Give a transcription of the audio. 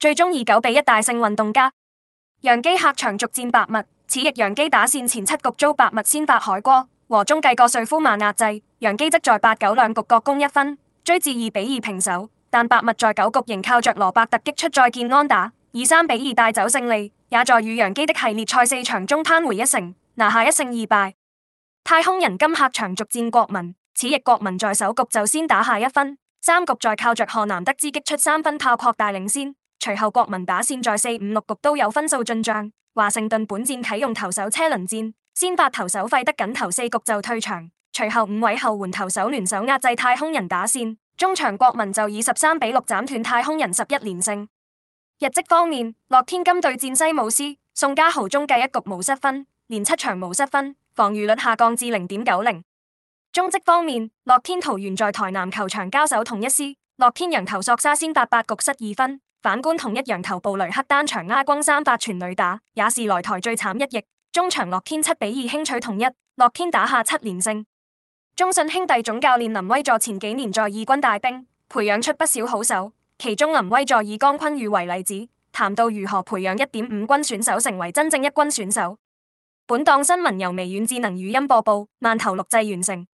最終以九比一大勝運動家，楊基客場逐戰白襪，此役楊基打線前七局遭白襪先發海過，和中繼葛瑞夫曼壓制，楊基則在八九兩局各攻一分，追至二比二平手。但白襪在九局仍靠着羅伯特擊出再見安打，以三比二帶走勝利，也在與楊基的系列賽四場中攤回一城，拿下一勝二敗。太空人今客場逐戰國民，此役國民在首局就先打下一分，三局再靠着河南德之擊出三分炮擴大領先。隨後國民打線在四五六局都有分數進賬，華盛頓本戰啟用投手車輪戰，先發投手費得緊投四局就退場。隨後五位後援投手聯手壓制太空人打線，中場國民就以十三比六斬斷太空人十一連勝。日職方面，樂天金對戰西武獅，宋家豪中繼一局無失分，連七場無失分，防禦率下降至零點九零。中職方面，樂天桃猿在台南球場交手統一獅，樂天洋投索沙先發八局失二分。反觀統一洋投布雷克單場挨轟三發全壘打，也是來台最慘一役。中場樂天七比二輕取統一，樂天打下七連勝。中信兄弟總教練林威助前幾年在二軍帶兵，培養出不少好手，其中林威助以江坤宇為例子，談到如何培養一點五軍選手成為真正一軍選手。本檔新聞由微軟智能語音播報，慢投錄製完成。